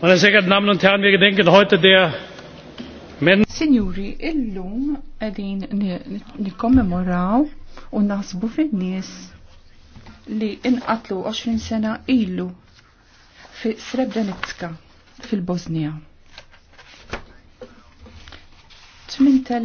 Meine sehr geehrten Damen und Herren, wir gedenken heute der Signori, illum edin nikkommemoraw u nasbu fil nies li inqatlu 20 sena illu fi Srebrenica fil-Bosnija.